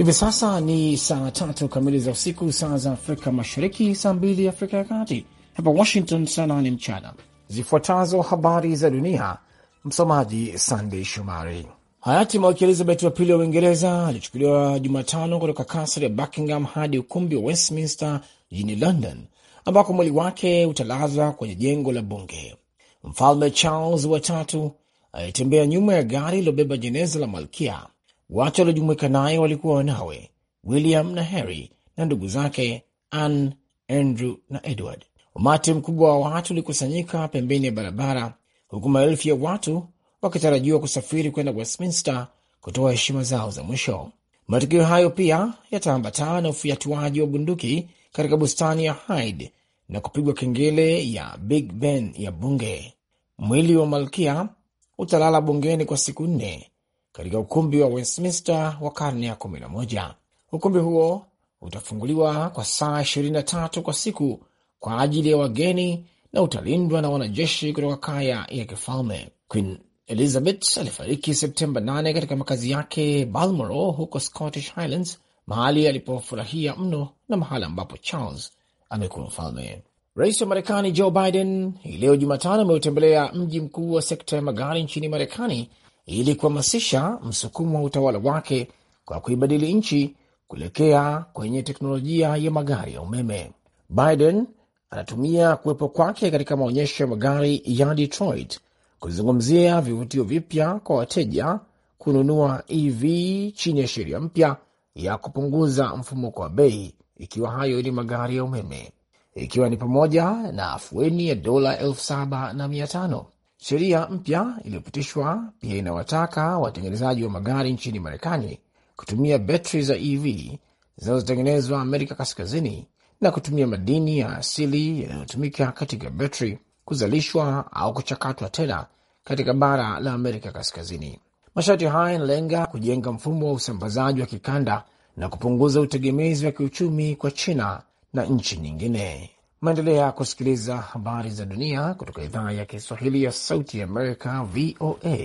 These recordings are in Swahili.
Hivi sasa ni saa tatu kamili za usiku, saa za Afrika Mashariki, saa mbili Afrika ya Kati, hapa Washington saa nane mchana. Zifuatazo habari za dunia, msomaji Sandey Shomari. Hayati Malkia Elizabeth wa pili wa Uingereza alichukuliwa Jumatano kutoka kasri ya Buckingham hadi ukumbi wa Westminster jijini London, ambako mwili wake utalazwa kwenye jengo la bunge. Mfalme Charles watatu alitembea nyuma ya gari lilobeba jeneza la malkia Watu waliojumuika naye walikuwa wanawe William na Harry na ndugu zake Anne, Andrew na Edward. Umati mkubwa wa watu ulikusanyika pembeni ya barabara, huku maelfu ya watu wakitarajiwa kusafiri kwenda Westminster kutoa heshima zao za mwisho. Matukio hayo pia yataambatana na ufiatuaji wa bunduki katika bustani ya Hyde na kupigwa kengele ya Big Ben ya bunge. Mwili wa malkia utalala bungeni kwa siku nne katika ukumbi wa Westminster wa karne ya 11. Ukumbi huo utafunguliwa kwa saa 23 kwa siku kwa ajili ya wageni na utalindwa na wanajeshi kutoka kaya ya kifalme. Queen Elizabeth alifariki Septemba 8 katika makazi yake Balmoral huko Scottish Highlands, mahali alipofurahia mno na mahala ambapo Charles amekuwa mfalme. Rais wa Marekani Joe Biden hii leo Jumatano ameutembelea mji mkuu wa sekta ya magari nchini Marekani ili kuhamasisha msukumo wa utawala wake kwa kuibadili nchi kuelekea kwenye teknolojia ya magari ya umeme. Biden anatumia kuwepo kwake katika maonyesho ya magari ya Detroit kuzungumzia vivutio vipya kwa wateja kununua EV chini ya sheria mpya ya kupunguza mfumuko wa bei, ikiwa hayo ni magari ya umeme, ikiwa ni pamoja na afueni ya dola elfu saba na mia tano Sheria mpya iliyopitishwa pia inawataka watengenezaji wa magari nchini Marekani kutumia betri za EV zinazotengenezwa Amerika Kaskazini na kutumia madini ya asili yanayotumika katika betri kuzalishwa au kuchakatwa tena katika bara la Amerika Kaskazini. Masharti haya yanalenga kujenga mfumo wa usambazaji wa kikanda na kupunguza utegemezi wa kiuchumi kwa China na nchi nyingine. Maendelea kusikiliza habari za dunia kutoka idhaa ya Kiswahili ya Sauti ya Amerika, VOA,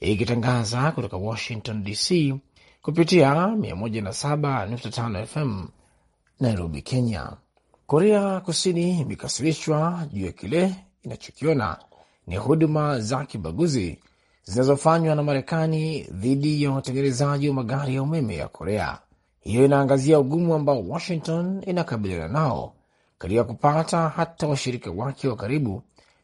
ikitangaza kutoka Washington DC kupitia 107.5 FM Nairobi, Kenya. Korea Kusini imekasirishwa juu ya kile inachokiona ni huduma za kibaguzi zinazofanywa na Marekani dhidi ya watengenezaji wa magari ya umeme ya Korea. Hiyo inaangazia ugumu ambao Washington inakabiliana nao katika kupata hata washirika wake wa karibu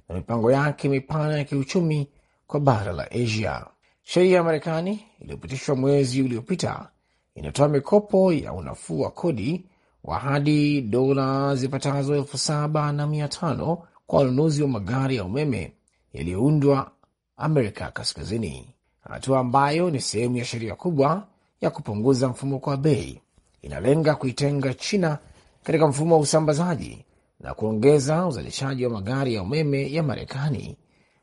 na mipango yake mipana ya kiuchumi kwa bara la Asia. Sheria ya Marekani iliyopitishwa mwezi uliopita inatoa mikopo ya unafuu wa kodi wa hadi dola zipatazo elfu saba na mia tano kwa wanunuzi wa magari ya umeme yaliyoundwa Amerika Kaskazini, hatua ambayo ni sehemu ya sheria kubwa ya kupunguza mfumuko wa bei. Inalenga kuitenga China katika mfumo wa usambazaji na kuongeza uzalishaji wa magari ya umeme ya Marekani,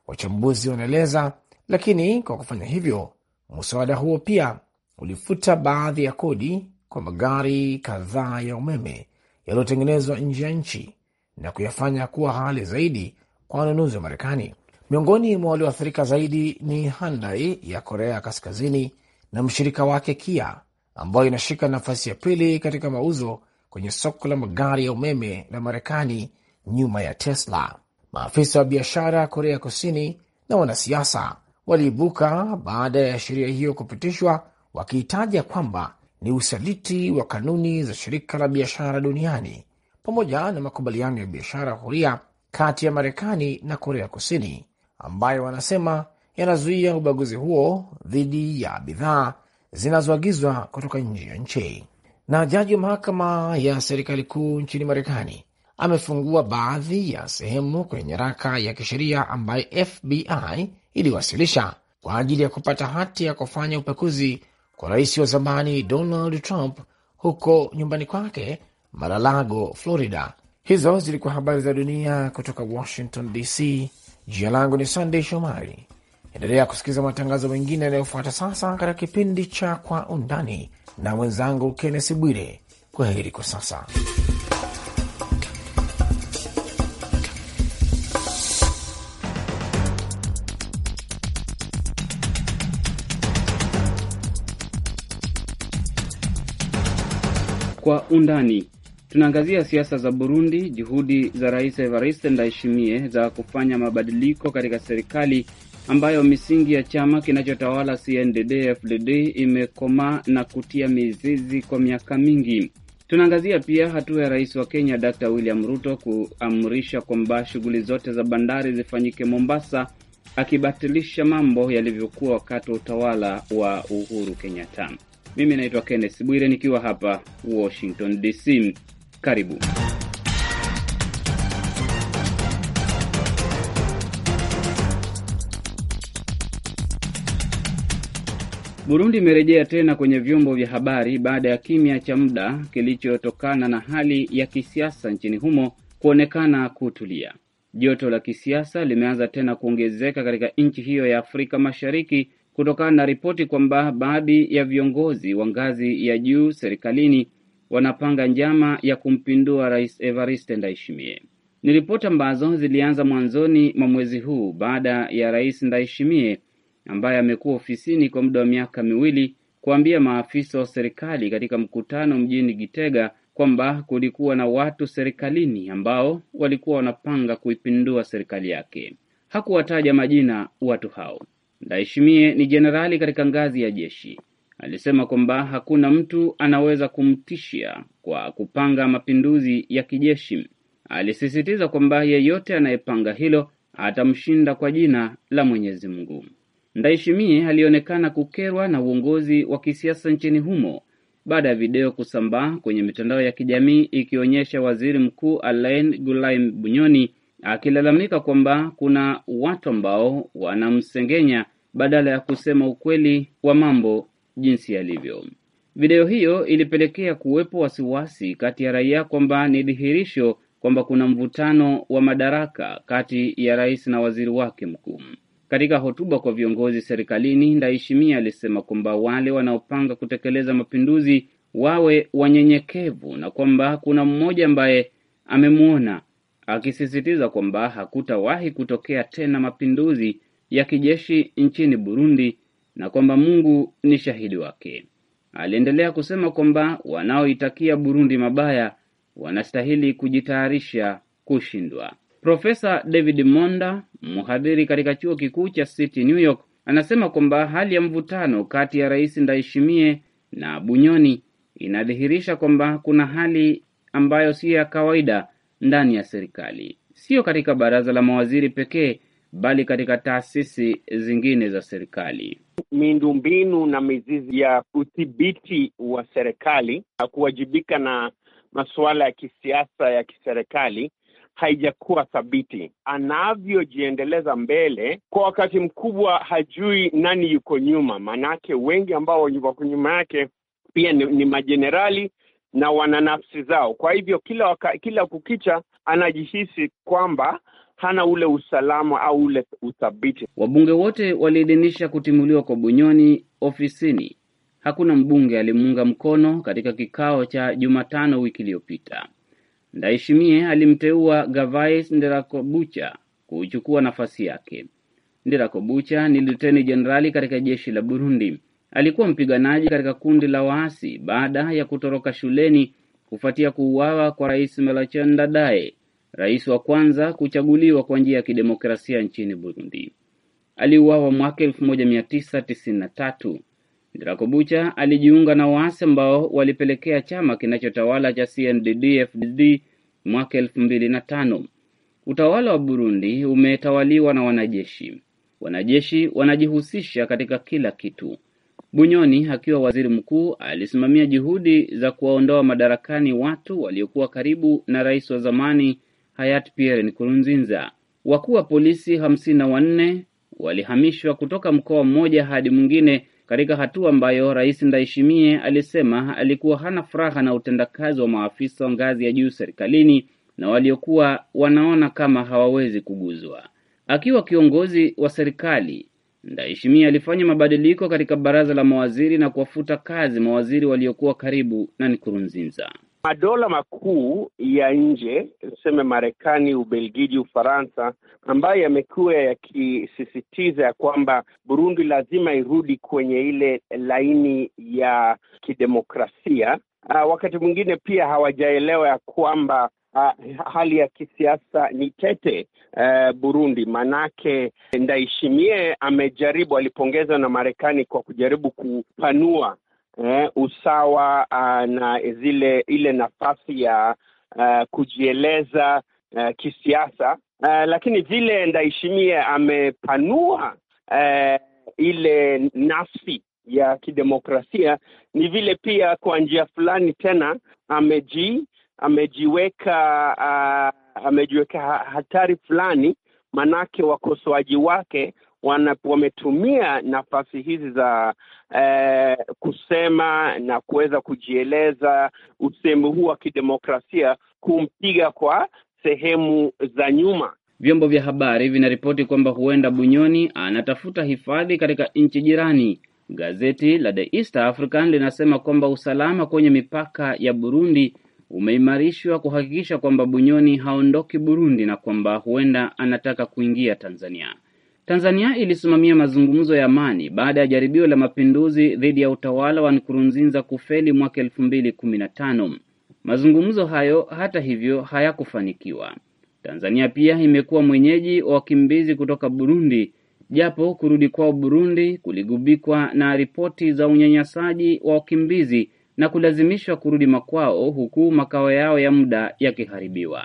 wachambuzi wanaeleza. Lakini kwa kufanya hivyo, mswada huo pia ulifuta baadhi ya kodi kwa magari kadhaa ya umeme yaliyotengenezwa nje ya nchi na kuyafanya kuwa ghali zaidi kwa wanunuzi wa Marekani. Miongoni mwa walioathirika zaidi ni Hyundai ya Korea Kaskazini na mshirika wake Kia, ambayo inashika nafasi ya pili katika mauzo kwenye soko la magari ya umeme la Marekani nyuma ya Tesla. Maafisa wa biashara Korea Kusini na wanasiasa waliibuka baada ya sheria hiyo kupitishwa, wakiitaja kwamba ni usaliti wa kanuni za shirika la biashara duniani pamoja na makubaliano ya biashara huria kati ya Marekani na Korea Kusini ambayo wanasema yanazuia ubaguzi huo dhidi ya bidhaa zinazoagizwa kutoka nje ya nchi. Na jaji wa mahakama ya serikali kuu nchini Marekani amefungua baadhi ya sehemu kwenye nyaraka ya kisheria ambayo FBI iliwasilisha kwa ajili ya kupata hati ya kufanya upekuzi kwa rais wa zamani Donald Trump huko nyumbani kwake Maralago, Florida. Hizo zilikuwa habari za dunia kutoka Washington DC. Jina langu ni Sandey Shomari. Endelea kusikiliza matangazo mengine yanayofuata sasa katika kipindi cha Kwa Undani na mwenzangu Kennesi Bwire. Kwa heri kwa sasa. Kwa Undani tunaangazia siasa za Burundi, juhudi za Rais Evariste Ndayishimiye za kufanya mabadiliko katika serikali ambayo misingi ya chama kinachotawala CNDD-FDD imekomaa na kutia mizizi kwa miaka mingi. Tunaangazia pia hatua ya rais wa Kenya Dr. William Ruto kuamrisha kwamba shughuli zote za bandari zifanyike Mombasa, akibatilisha mambo yalivyokuwa wakati wa utawala wa Uhuru Kenyatta. Mimi naitwa Kenneth Bwire nikiwa hapa Washington DC. Karibu. Burundi imerejea tena kwenye vyombo vya habari baada ya kimya cha muda kilichotokana na hali ya kisiasa nchini humo kuonekana kutulia. Joto la kisiasa limeanza tena kuongezeka katika nchi hiyo ya Afrika Mashariki kutokana na ripoti kwamba baadhi ya viongozi wa ngazi ya juu serikalini wanapanga njama ya kumpindua Rais Evariste Ndayishimiye. Ni ripoti ambazo zilianza mwanzoni mwa mwezi huu baada ya Rais Ndayishimiye ambaye amekuwa ofisini kwa muda wa miaka miwili kuambia maafisa wa serikali katika mkutano mjini Gitega kwamba kulikuwa na watu serikalini ambao walikuwa wanapanga kuipindua serikali yake. Hakuwataja majina watu hao. Ndaheshimie ni jenerali katika ngazi ya jeshi. Alisema kwamba hakuna mtu anaweza kumtishia kwa kupanga mapinduzi ya kijeshi. Alisisitiza kwamba yeyote anayepanga hilo atamshinda kwa jina la Mwenyezi Mungu ndaishimie alionekana kukerwa na uongozi wa kisiasa nchini humo baada ya video kusambaa kwenye mitandao ya kijamii ikionyesha Waziri Mkuu Alain Guillaume Bunyoni akilalamika kwamba kuna watu ambao wanamsengenya badala ya kusema ukweli wa mambo jinsi yalivyo. Video hiyo ilipelekea kuwepo wasiwasi kati ya raia kwamba ni dhihirisho kwamba kuna mvutano wa madaraka kati ya rais na waziri wake mkuu. Katika hotuba kwa viongozi serikalini, Ndaishimia alisema kwamba wale wanaopanga kutekeleza mapinduzi wawe wanyenyekevu na kwamba kuna mmoja ambaye amemwona, akisisitiza kwamba hakutawahi kutokea tena mapinduzi ya kijeshi nchini Burundi na kwamba Mungu ni shahidi wake. Aliendelea kusema kwamba wanaoitakia Burundi mabaya wanastahili kujitayarisha kushindwa. Profesa David Monda, mhadhiri katika chuo kikuu cha City New York, anasema kwamba hali ya mvutano kati ya Rais Ndayishimiye na Bunyoni inadhihirisha kwamba kuna hali ambayo siyo ya kawaida ndani ya serikali, siyo katika baraza la mawaziri pekee, bali katika taasisi zingine za serikali. Miundombinu na mizizi ya udhibiti wa serikali na kuwajibika na masuala ya kisiasa ya kiserikali haijakuwa thabiti. Anavyojiendeleza mbele kwa wakati mkubwa, hajui nani yuko nyuma, maanake wengi ambao wako nyuma yake pia ni, ni majenerali na wana nafsi zao. Kwa hivyo kila waka, kila kukicha anajihisi kwamba hana ule usalama au ule uthabiti. Wabunge wote waliidhinisha kutimuliwa kwa Bunyoni ofisini. Hakuna mbunge alimuunga mkono katika kikao cha Jumatano wiki iliyopita. Ndaishimie alimteua gavais Nderakobucha kuchukua nafasi yake. Nderakobucha ni luteni jenerali katika jeshi la Burundi. Alikuwa mpiganaji katika kundi la waasi baada ya kutoroka shuleni kufuatia kuuawa kwa Rais Melchior Ndadaye, rais wa kwanza kuchaguliwa kwa njia ya kidemokrasia nchini Burundi. Aliuawa mwaka 1993. Rakobucha alijiunga na waasi ambao walipelekea chama kinachotawala cha CNDD-FDD mwaka elfu mbili na tano. Utawala wa Burundi umetawaliwa na wanajeshi. Wanajeshi wanajihusisha katika kila kitu. Bunyoni akiwa waziri mkuu alisimamia juhudi za kuwaondoa madarakani watu waliokuwa karibu na rais wa zamani hayati Pierre Nkurunziza. Wakuu wa polisi hamsini na wanne walihamishwa kutoka mkoa mmoja hadi mwingine katika hatua ambayo Rais ndaishimie alisema alikuwa hana furaha na utendakazi wa maafisa wa ngazi ya juu serikalini na waliokuwa wanaona kama hawawezi kuguzwa. Akiwa kiongozi wa serikali, ndaishimie alifanya mabadiliko katika baraza la mawaziri na kuwafuta kazi mawaziri waliokuwa karibu na Nkurunziza madola makuu ya nje tuseme Marekani, Ubelgiji, Ufaransa, ambayo yamekuwa yakisisitiza ya kwamba Burundi lazima irudi kwenye ile laini ya kidemokrasia. Uh, wakati mwingine pia hawajaelewa ya kwamba uh, hali ya kisiasa ni tete uh, Burundi. Manake Ndaishimie amejaribu, alipongezwa na Marekani kwa kujaribu kupanua eh, usawa uh, na zile ile nafasi ya uh, kujieleza uh, kisiasa uh, lakini vile Ndayishimiye amepanua uh, ile nafsi ya kidemokrasia ni vile pia kwa njia fulani tena ameji amejiweka uh, amejiweka hatari fulani manake wakosoaji wake wametumia nafasi hizi za eh, kusema na kuweza kujieleza, usehemu huu wa kidemokrasia kumpiga kwa sehemu za nyuma. Vyombo vya habari vinaripoti kwamba huenda Bunyoni anatafuta hifadhi katika nchi jirani. Gazeti la The East African linasema kwamba usalama kwenye mipaka ya Burundi umeimarishwa kuhakikisha kwamba Bunyoni haondoki Burundi na kwamba huenda anataka kuingia Tanzania. Tanzania ilisimamia mazungumzo ya amani baada ya jaribio la mapinduzi dhidi ya utawala wa Nkurunziza kufeli mwaka elfu mbili kumi na tano. Mazungumzo hayo hata hivyo hayakufanikiwa. Tanzania pia imekuwa mwenyeji wa wakimbizi kutoka Burundi, japo kurudi kwao Burundi kuligubikwa na ripoti za unyanyasaji wa wakimbizi na kulazimishwa kurudi makwao, huku makao yao ya muda yakiharibiwa.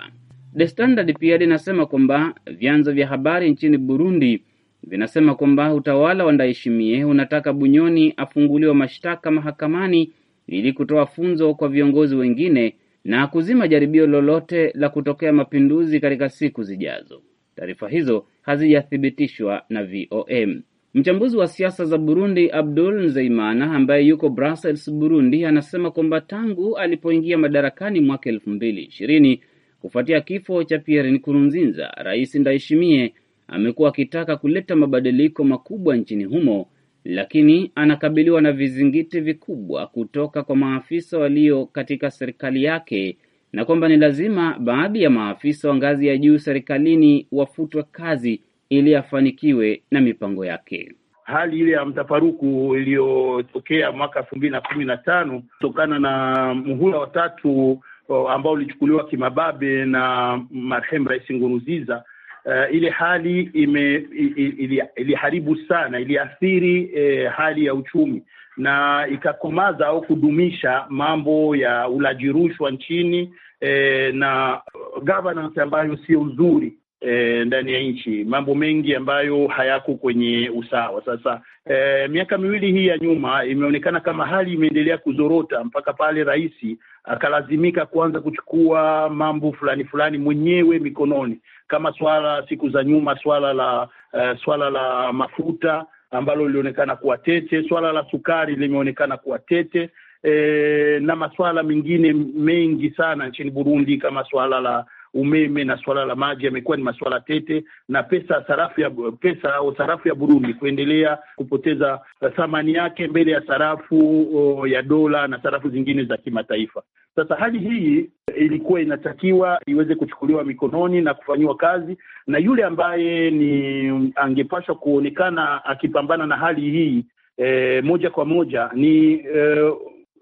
The Standard pia linasema kwamba vyanzo vya habari nchini Burundi vinasema kwamba utawala wa Ndayishimiye unataka Bunyoni afunguliwe mashtaka mahakamani ili kutoa funzo kwa viongozi wengine na kuzima jaribio lolote la kutokea mapinduzi katika siku zijazo. Taarifa hizo hazijathibitishwa na VOM. Mchambuzi wa siasa za Burundi Abdul Nzeimana ambaye yuko Brussels, Burundi, anasema kwamba tangu alipoingia madarakani mwaka elfu mbili ishirini kufuatia kifo cha Pierre Nkurunziza, Rais Ndayishimiye amekuwa akitaka kuleta mabadiliko makubwa nchini humo, lakini anakabiliwa na vizingiti vikubwa kutoka kwa maafisa walio katika serikali yake na kwamba ni lazima baadhi ya maafisa wa ngazi ya juu serikalini wafutwe kazi ili afanikiwe na mipango yake. Hali ile ya mtafaruku iliyotokea mwaka elfu mbili na kumi na tano kutokana na muhula watatu ambao ulichukuliwa kimababe na marehemu Rais Nkurunziza uh, ile hali ime, ili, iliharibu sana, iliathiri eh, hali ya uchumi na ikakomaza au kudumisha mambo ya ulaji rushwa nchini eh, na governance ambayo sio nzuri E, ndani ya nchi mambo mengi ambayo hayako kwenye usawa. Sasa e, miaka miwili hii ya nyuma imeonekana kama hali imeendelea kuzorota mpaka pale rais akalazimika kuanza kuchukua mambo fulani fulani mwenyewe mikononi, kama swala siku za nyuma, swala la uh, swala la mafuta ambalo lilionekana kuwa tete, swala la sukari limeonekana kuwa tete e, na masuala mengine mengi sana nchini Burundi kama swala la umeme na suala la maji yamekuwa ni masuala tete, na pesa sarafu ya pesa au sarafu ya Burundi kuendelea kupoteza uh, thamani yake mbele ya sarafu o, uh, ya dola na sarafu zingine za kimataifa. Sasa hali hii uh, ilikuwa inatakiwa iweze kuchukuliwa mikononi na kufanyiwa kazi, na yule ambaye ni um, angepashwa kuonekana akipambana na hali hii e, moja kwa moja ni e,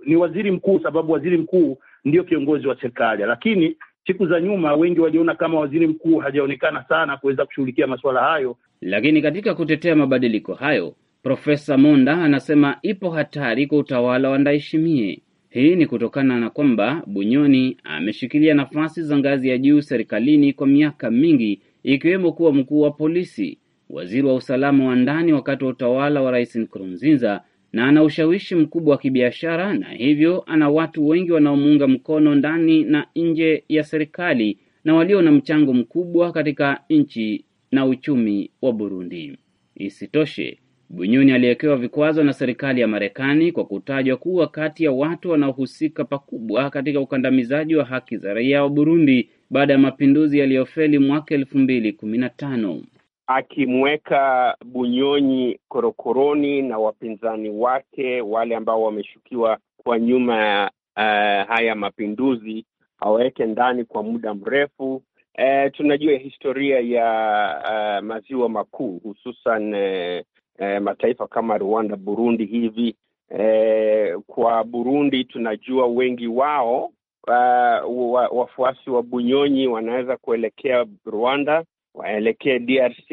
ni waziri mkuu, sababu waziri mkuu ndiyo kiongozi wa serikali, lakini siku za nyuma wengi waliona kama waziri mkuu hajaonekana sana kuweza kushughulikia masuala hayo. Lakini katika kutetea mabadiliko hayo, Profesa Monda anasema ipo hatari kwa utawala wa Ndayishimiye. Hii ni kutokana na kwamba Bunyoni ameshikilia nafasi za ngazi ya juu serikalini kwa miaka mingi, ikiwemo kuwa mkuu wa polisi, waziri wa usalama wa ndani wakati wa utawala wa Rais Nkurunziza na ana ushawishi mkubwa wa kibiashara na hivyo ana watu wengi wanaomuunga mkono ndani na nje ya serikali na walio na mchango mkubwa katika nchi na uchumi wa Burundi. Isitoshe, Bunyoni aliwekewa vikwazo na serikali ya Marekani kwa kutajwa kuwa kati ya watu wanaohusika pakubwa katika ukandamizaji wa haki za raia wa Burundi baada ya mapinduzi yaliyofeli mwaka elfu mbili kumi na tano akimweka Bunyonyi korokoroni na wapinzani wake wale ambao wameshukiwa kwa nyuma ya uh, haya mapinduzi awaweke ndani kwa muda mrefu. Uh, tunajua historia ya uh, maziwa makuu hususan uh, mataifa kama Rwanda, Burundi hivi uh, kwa Burundi tunajua wengi wao uh, wafuasi wa Bunyonyi wanaweza kuelekea Rwanda waelekee DRC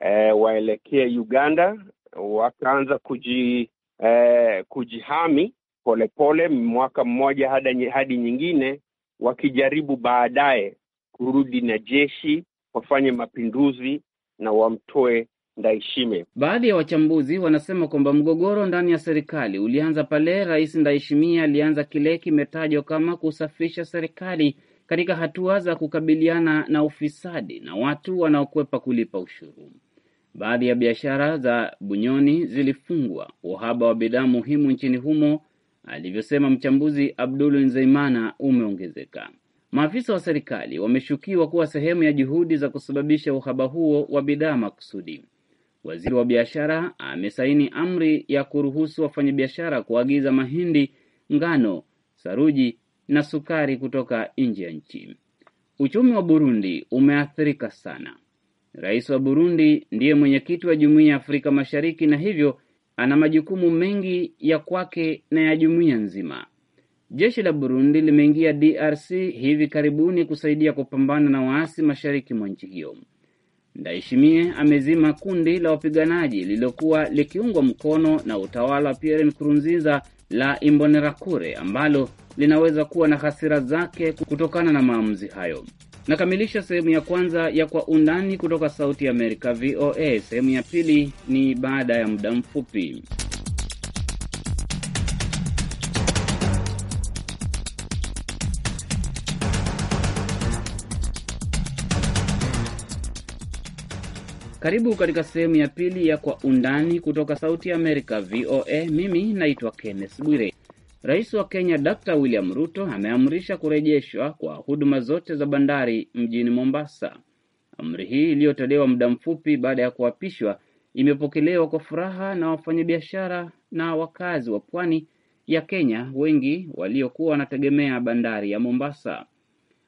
eh, waelekee Uganda, wakaanza kuji eh, kujihami polepole pole, mwaka mmoja hadi, nyingine, wakijaribu baadaye kurudi na jeshi wafanye mapinduzi na wamtoe ndaishime Baadhi ya wachambuzi wanasema kwamba mgogoro ndani ya serikali ulianza pale Rais ndaishimia alianza kile kimetajwa kama kusafisha serikali katika hatua za kukabiliana na ufisadi na watu wanaokwepa kulipa ushuru. Baadhi ya biashara za Bunyoni zilifungwa, uhaba wa bidhaa muhimu nchini humo, alivyosema mchambuzi Abdul Nzeimana, umeongezeka. Maafisa wa serikali wameshukiwa kuwa sehemu ya juhudi za kusababisha uhaba huo wa bidhaa makusudi. Waziri wa biashara amesaini amri ya kuruhusu wafanyabiashara kuagiza mahindi, ngano, saruji na sukari kutoka nje ya nchi. Uchumi wa Burundi umeathirika sana. Rais wa Burundi ndiye mwenyekiti wa Jumuiya ya Afrika Mashariki na hivyo ana majukumu mengi ya kwake na ya jumuiya nzima. Jeshi la Burundi limeingia DRC hivi karibuni kusaidia kupambana na waasi mashariki mwa nchi hiyo. Ndayishimiye amezima kundi la wapiganaji lililokuwa likiungwa mkono na utawala wa Pierre Nkurunziza la Imbonerakure ambalo linaweza kuwa na hasira zake kutokana na maamuzi hayo. Nakamilisha sehemu ya kwanza ya Kwa Undani kutoka Sauti ya Amerika, VOA. Sehemu ya pili ni baada ya muda mfupi. Karibu katika sehemu ya pili ya Kwa Undani kutoka Sauti ya Amerika, VOA. Mimi naitwa Kenneth Bwire. Rais wa Kenya Dr William Ruto ameamrisha kurejeshwa kwa huduma zote za bandari mjini Mombasa. Amri hii iliyotolewa muda mfupi baada ya kuapishwa imepokelewa kwa furaha na wafanyabiashara na wakazi wa pwani ya Kenya, wengi waliokuwa wanategemea bandari ya Mombasa.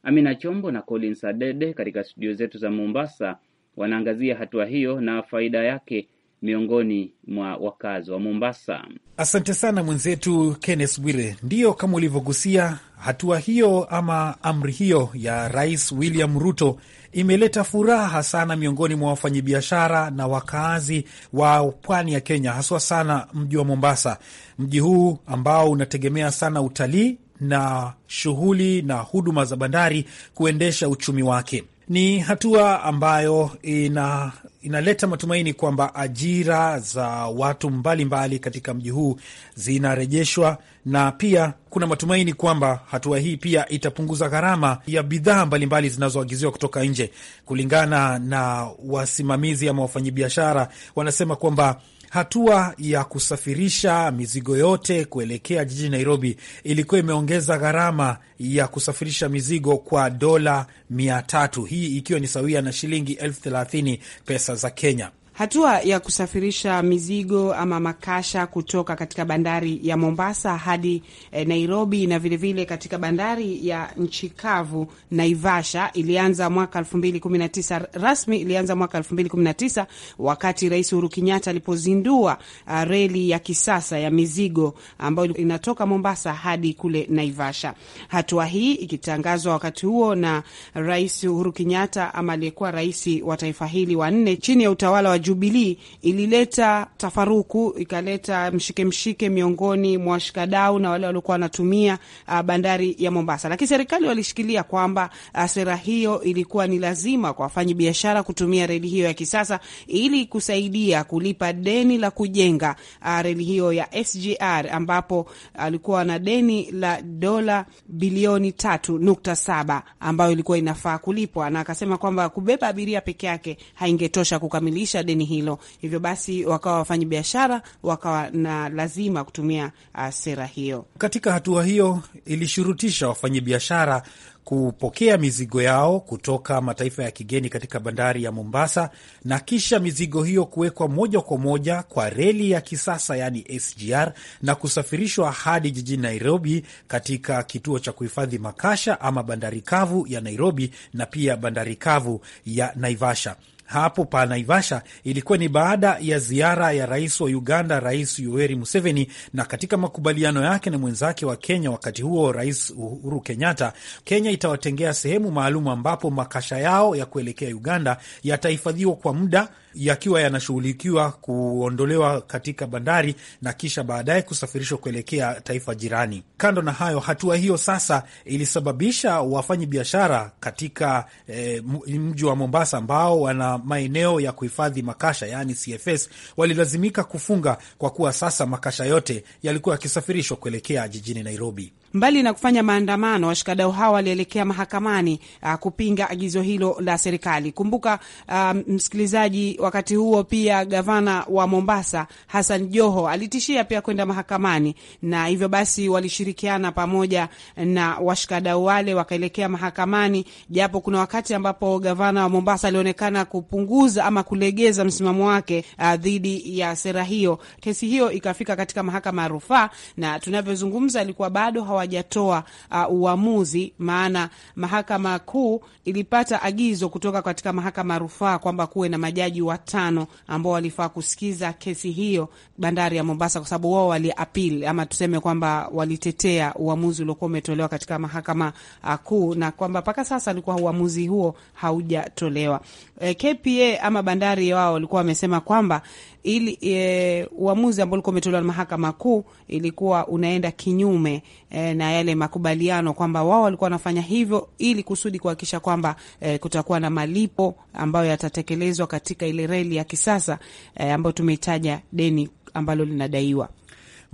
Amina Chombo na colins Adede katika studio zetu za Mombasa wanaangazia hatua hiyo na faida yake miongoni mwa wakazi wa Mombasa. Asante sana mwenzetu Kenneth Bwire. Ndiyo, kama ulivyogusia, hatua hiyo ama amri hiyo ya Rais William Ruto imeleta furaha sana miongoni mwa wafanyabiashara na wakaazi wa pwani ya Kenya, haswa sana mji wa Mombasa, mji huu ambao unategemea sana utalii na shughuli na huduma za bandari kuendesha uchumi wake. Ni hatua ambayo ina inaleta matumaini kwamba ajira za watu mbalimbali mbali katika mji huu zinarejeshwa, na pia kuna matumaini kwamba hatua hii pia itapunguza gharama ya bidhaa mbalimbali zinazoagiziwa kutoka nje. Kulingana na wasimamizi ama wafanyabiashara, wanasema kwamba hatua ya kusafirisha mizigo yote kuelekea jijini Nairobi ilikuwa imeongeza gharama ya kusafirisha mizigo kwa dola mia tatu, hii ikiwa ni sawia na shilingi elfu thelathini pesa za Kenya. Hatua ya kusafirisha mizigo ama makasha kutoka katika bandari ya Mombasa hadi eh, Nairobi na vilevile vile katika bandari ya nchi kavu Naivasha ilianza mwaka 2019 rasmi, ilianza mwaka 2019 wakati Rais Uhuru Kenyatta alipozindua ah, reli ya kisasa ya mizigo ambayo inatoka Mombasa hadi kule Naivasha. Hatua hii ikitangazwa wakati huo na Rais Uhuru Kenyatta ama aliyekuwa rais wa taifa hili wa nne chini ya utawala wa Jubilii ilileta tafaruku, ikaleta mshike mshike miongoni mwa washikadau na wale waliokuwa wanatumia uh, bandari ya Mombasa, lakini serikali walishikilia kwamba uh, sera hiyo ilikuwa ni lazima kwa wafanyi biashara kutumia reli hiyo ya kisasa ili kusaidia kulipa deni la kujenga uh, reli hiyo ya SGR ambapo alikuwa uh, na deni la dola bilioni tatu nukta saba ambayo ilikuwa inafaa kulipwa, na akasema kwamba kubeba abiria peke yake haingetosha kukamilisha deni deni hilo. Hivyo basi wakawa wafanyi biashara wakawa na lazima kutumia uh, sera hiyo. Katika hatua hiyo ilishurutisha biashara kupokea mizigo yao kutoka mataifa ya kigeni katika bandari ya Mombasa na kisha mizigo hiyo kuwekwa moja kwa moja kwa reli ya kisasa yaani SGR na kusafirishwa hadi jijini Nairobi katika kituo cha kuhifadhi makasha ama bandari kavu ya Nairobi na pia bandari kavu ya Naivasha hapo pa Naivasha ilikuwa ni baada ya ziara ya rais wa Uganda, Rais Yoweri Museveni, na katika makubaliano yake na mwenzake wa Kenya wakati huo, Rais Uhuru Kenyatta, Kenya itawatengea sehemu maalum ambapo makasha yao ya kuelekea Uganda yatahifadhiwa kwa muda yakiwa yanashughulikiwa kuondolewa katika bandari na kisha baadaye kusafirishwa kuelekea taifa jirani. Kando na hayo, hatua hiyo sasa ilisababisha wafanyi biashara katika e, mji wa Mombasa ambao wana maeneo ya kuhifadhi makasha yaani CFS walilazimika kufunga kwa kuwa sasa makasha yote yalikuwa yakisafirishwa kuelekea jijini Nairobi. Mbali na kufanya maandamano, washikadau hawa walielekea mahakamani uh, kupinga agizo hilo la serikali. Kumbuka uh, msikilizaji, wakati huo pia gavana wa Mombasa Hassan Joho alitishia pia kwenda mahakamani, na hivyo basi walishirikiana pamoja na washikadau wale wakaelekea mahakamani, japo kuna wakati ambapo gavana wa Mombasa alionekana kupunguza ama kulegeza msimamo wake uh, dhidi ya sera hiyo. Kesi hiyo ikafika katika mahakama ya rufaa, na tunavyozungumza alikuwa bado hawa hawajatoa uh, uamuzi, maana mahakama kuu ilipata agizo kutoka katika mahakama ya rufaa kwamba kuwe na majaji watano ambao walifaa kusikiza kesi hiyo bandari ya Mombasa, kwa sababu wao waliapil ama tuseme kwamba walitetea uamuzi uliokuwa umetolewa katika mahakama uh, kuu, na kwamba mpaka sasa alikuwa uamuzi huo haujatolewa. E, eh, KPA ama bandari wao walikuwa wamesema kwamba ili e, uamuzi ambao ulikuwa umetolewa na mahakama kuu ilikuwa unaenda kinyume e, na yale makubaliano kwamba wao walikuwa wanafanya hivyo ili kusudi kuhakikisha kwamba e, kutakuwa na malipo ambayo yatatekelezwa katika ile reli ya kisasa e, ambayo tumeitaja deni ambalo linadaiwa.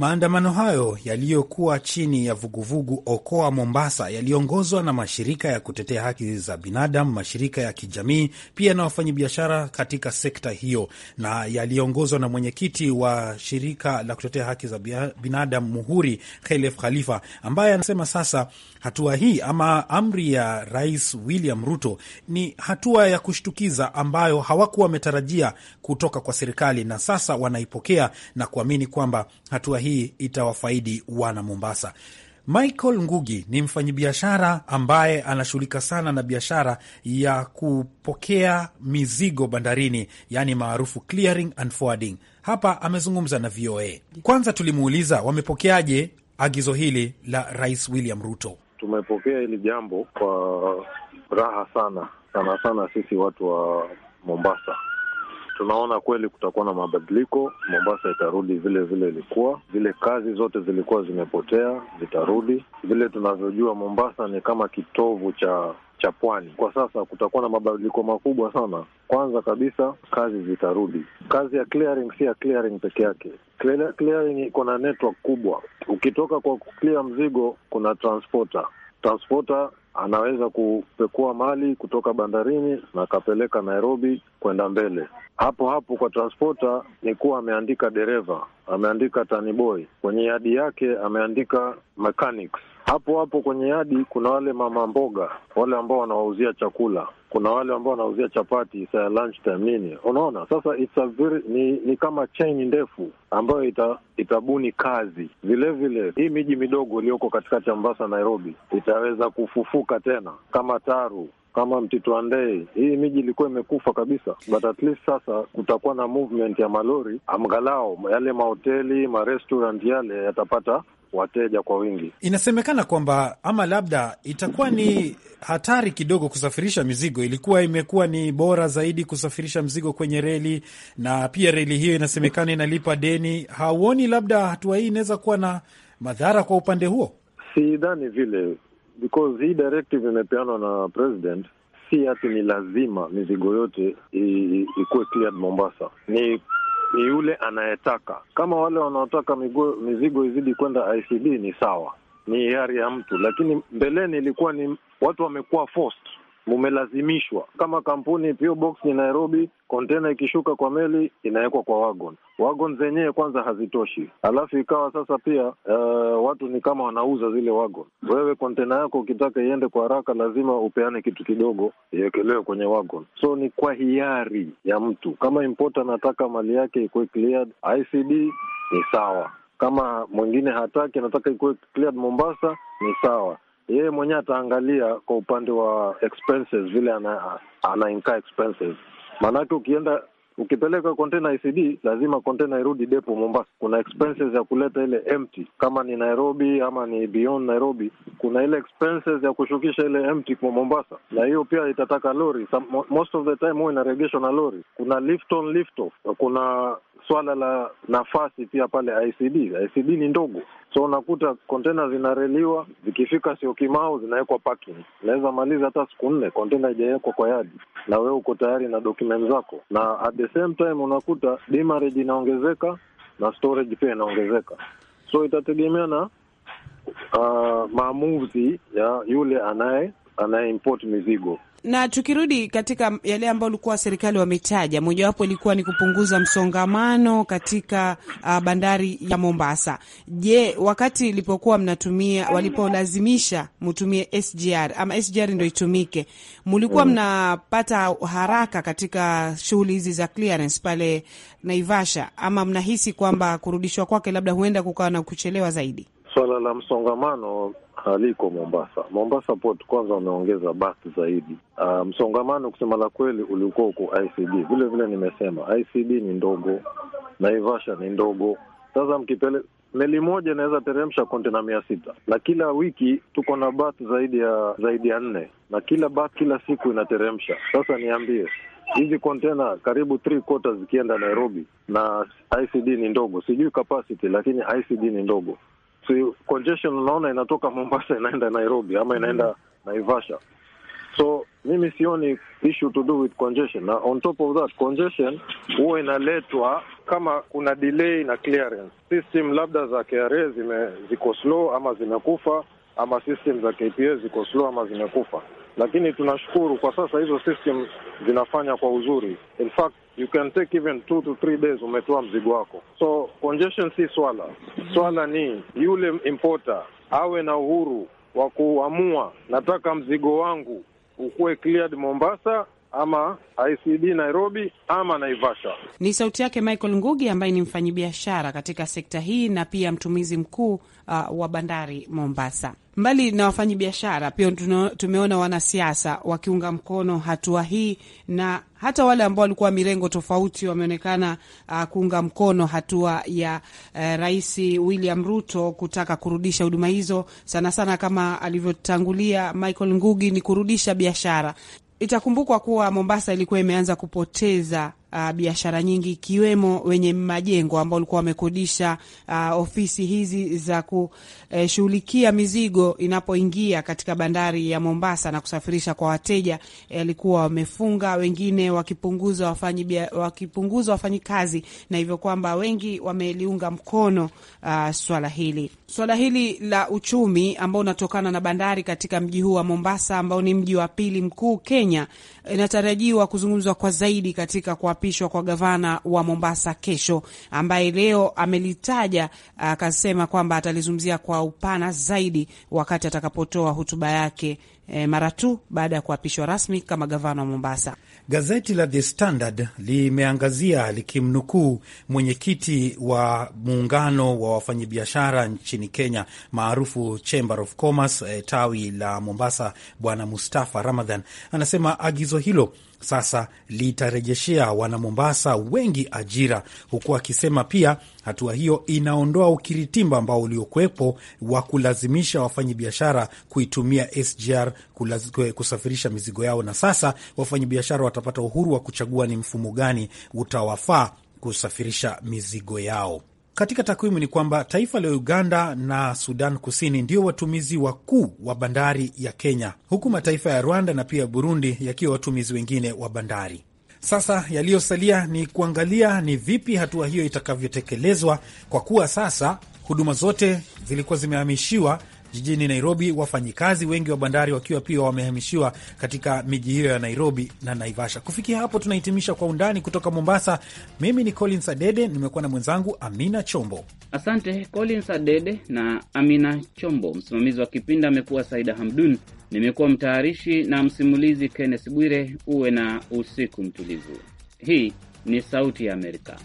Maandamano hayo yaliyokuwa chini ya vuguvugu Okoa Mombasa yaliongozwa na mashirika ya kutetea haki za binadamu, mashirika ya kijamii, pia na wafanyabiashara katika sekta hiyo, na yaliongozwa na mwenyekiti wa shirika la kutetea haki za binadamu Muhuri Khelef Khalifa, ambaye anasema sasa Hatua hii ama amri ya Rais William Ruto ni hatua ya kushtukiza ambayo hawakuwa wametarajia kutoka kwa serikali, na sasa wanaipokea na kuamini kwamba hatua hii itawafaidi wana Mombasa. Michael Ngugi ni mfanyabiashara ambaye anashughulika sana na biashara ya kupokea mizigo bandarini, yaani maarufu clearing and forwarding. Hapa amezungumza na VOA. Kwanza tulimuuliza wamepokeaje agizo hili la Rais William Ruto tumepokea hili jambo kwa raha sana sana sana. Sisi watu wa Mombasa tunaona kweli kutakuwa na mabadiliko. Mombasa itarudi vile vile ilikuwa, vile kazi zote zilikuwa zimepotea zitarudi. Vile tunavyojua Mombasa ni kama kitovu cha cha pwani. Kwa sasa kutakuwa na mabadiliko makubwa sana. Kwanza kabisa, kazi zitarudi. Kazi ya clearing si ya clearing peke yake. Clearing iko na network kubwa. Ukitoka kwa kuclear mzigo, kuna transporter. Transporter anaweza kupekua mali kutoka bandarini na akapeleka Nairobi kwenda mbele. Hapo hapo kwa transporter ni kuwa ameandika dereva, ameandika tani kwenye yadi yake ameandika mechanics hapo hapo kwenye yadi kuna wale mama mboga wale ambao wanawauzia chakula, kuna wale ambao wanauzia chapati saa lunch time nini. Unaona sasa it's a very, ni, ni kama chain ndefu ambayo ita, itabuni kazi vilevile. Hii miji midogo iliyoko katikati ya Mombasa Nairobi itaweza kufufuka tena kama Taru kama Mtito Andei. Hii miji ilikuwa imekufa kabisa, but at least sasa kutakuwa na movement ya malori, angalau yale mahoteli marestaurant yale yatapata wateja kwa wingi. Inasemekana kwamba ama labda itakuwa ni hatari kidogo kusafirisha mizigo, ilikuwa imekuwa ni bora zaidi kusafirisha mzigo kwenye reli, na pia reli hiyo inasemekana inalipa deni. Hauoni labda hatua hii inaweza kuwa na madhara kwa upande huo? Sidhani vile, because hii directive imepeanwa na president si hati ni lazima mizigo yote ikuwe cleared Mombasa. Ni ni yule anayetaka. Kama wale wanaotaka mizigo izidi kwenda ICD ni sawa, ni hiari ya mtu, lakini mbeleni ilikuwa ni watu wamekuwa forced mumelazimishwa. Kama kampuni PO Box ni Nairobi, kontena ikishuka kwa meli inawekwa kwa wagon. Wagon zenyewe kwanza hazitoshi, alafu ikawa sasa pia uh, watu ni kama wanauza zile wagon. Wewe kontena yako ukitaka iende kwa haraka, lazima upeane kitu kidogo iwekelewe kwenye wagon. So ni kwa hiari ya mtu, kama impota anataka mali yake ikuwe cleared ICD ni sawa, kama mwingine hataki, anataka ikuwe cleared Mombasa ni sawa yeye mwenyewe ataangalia kwa upande wa expenses, vile ana, ana incur expenses. Maanake ukienda ukipeleka kontena ICD lazima kontena irudi depo Mombasa. Kuna expenses ya kuleta ile empty, kama ni Nairobi ama ni beyond Nairobi, kuna ile expenses ya kushukisha ile empty kwa Mombasa, na hiyo pia itataka lori. Some, most of the time huwa inaregeshwa na lori. Kuna lift on lift off, kuna swala la nafasi pia pale ICD. ICD ni ndogo, so unakuta kontena zinareliwa, zikifika sio kimao, zinawekwa parking. Unaweza maliza hata siku nne kontena haijawekwa kwa yadi, na wewe uko tayari na document zako, na at the same time unakuta demurrage inaongezeka na storage pia inaongezeka, so itategemea na uh, maamuzi ya yule anaye anayeimport mizigo. Na tukirudi katika yale ambayo ulikuwa serikali wametaja, mojawapo ilikuwa ni kupunguza msongamano katika uh, bandari ya Mombasa. Je, wakati ilipokuwa mnatumia, walipolazimisha mtumie SGR ama SGR ndio itumike, mulikuwa mm. mnapata haraka katika shughuli hizi za clearance pale Naivasha, ama mnahisi kwamba kurudishwa kwake labda huenda kukawa na kuchelewa zaidi? Swala la msongamano haliko Mombasa. Mombasa Port kwanza wameongeza basi zaidi. Uh, msongamano kusema la kweli ulikuwa huko ICD. Vile vile nimesema ICD ni ndogo, Naivasha ni ndogo. Sasa mkipele meli moja inaweza teremsha kontena mia sita na kila wiki tuko na bat zaidi ya zaidi ya nne na kila bat kila siku inateremsha. Sasa niambie hizi kontena karibu three quarters zikienda Nairobi na ICD ni ndogo, sijui capacity, lakini ICD ni ndogo si congestion unaona inatoka Mombasa inaenda Nairobi ama inaenda mm. Naivasha. So mimi sioni issue to do with congestion, na on top of that congestion huwa inaletwa kama kuna delay na clearance system, labda za KRA zime ziko slow ama zimekufa ama system za KPA ziko slow ama zimekufa, lakini tunashukuru kwa sasa hizo system zinafanya kwa uzuri. In fact you can take even two to three days umetoa mzigo wako. So congestion si swala, swala ni yule importer awe na uhuru wa kuamua, nataka mzigo wangu ukuwe cleared Mombasa ama ICB Nairobi ama Naivasha. Ni sauti yake Michael Ngugi ambaye ni mfanyabiashara katika sekta hii na pia mtumizi mkuu uh, wa bandari Mombasa. Mbali na wafanyabiashara, pia tumeona wanasiasa wakiunga mkono hatua hii na hata wale ambao walikuwa mirengo tofauti wameonekana uh, kuunga mkono hatua ya uh, Rais William Ruto kutaka kurudisha huduma hizo, sana sana kama alivyotangulia Michael Ngugi, ni kurudisha biashara. Itakumbukwa kuwa Mombasa ilikuwa imeanza kupoteza uh, biashara nyingi ikiwemo wenye majengo ambao walikuwa wamekodisha uh, ofisi hizi za kushughulikia mizigo inapoingia katika bandari ya Mombasa na kusafirisha kwa wateja, eh, walikuwa wamefunga, wengine wakipunguza wafanyi wakipunguza wafanyikazi, na hivyo kwamba wengi wameliunga mkono uh, swala hili swala hili la uchumi ambao unatokana na bandari katika mji huu wa Mombasa ambao ni mji wa pili mkuu Kenya, inatarajiwa kuzungumzwa kwa zaidi katika kwa kuapishwa kwa gavana wa Mombasa kesho, ambaye leo amelitaja akasema kwamba atalizungumzia kwa upana zaidi wakati atakapotoa hotuba yake e, mara tu baada ya kuapishwa rasmi kama gavana wa Mombasa. Gazeti la The Standard limeangazia likimnukuu mwenyekiti wa muungano wa wafanyabiashara nchini Kenya maarufu Chamber of Commerce, e, tawi la Mombasa, Bwana Mustafa Ramadhan anasema agizo hilo sasa litarejeshea wanamombasa wengi ajira, huku akisema pia hatua hiyo inaondoa ukiritimba ambao uliokuwepo wa kulazimisha wafanyabiashara kuitumia SGR kusafirisha mizigo yao, na sasa wafanyabiashara watapata uhuru wa kuchagua ni mfumo gani utawafaa kusafirisha mizigo yao. Katika takwimu ni kwamba taifa la Uganda na Sudan Kusini ndio watumizi wakuu wa bandari ya Kenya, huku mataifa ya Rwanda na pia Burundi yakiwa watumizi wengine wa bandari. Sasa yaliyosalia ni kuangalia ni vipi hatua hiyo itakavyotekelezwa, kwa kuwa sasa huduma zote zilikuwa zimehamishiwa jijini Nairobi, wafanyikazi wengi wa bandari wakiwa pia wamehamishiwa katika miji hiyo ya Nairobi na Naivasha. Kufikia hapo, tunahitimisha Kwa Undani kutoka Mombasa. Mimi ni Collins Adede, nimekuwa na mwenzangu Amina Chombo. Asante Collins Adede na Amina Chombo. Msimamizi wa kipindi amekuwa Saida Hamdun, nimekuwa mtayarishi na msimulizi kennes Bwire. Uwe na usiku mtulivu. Hii ni Sauti ya Amerika.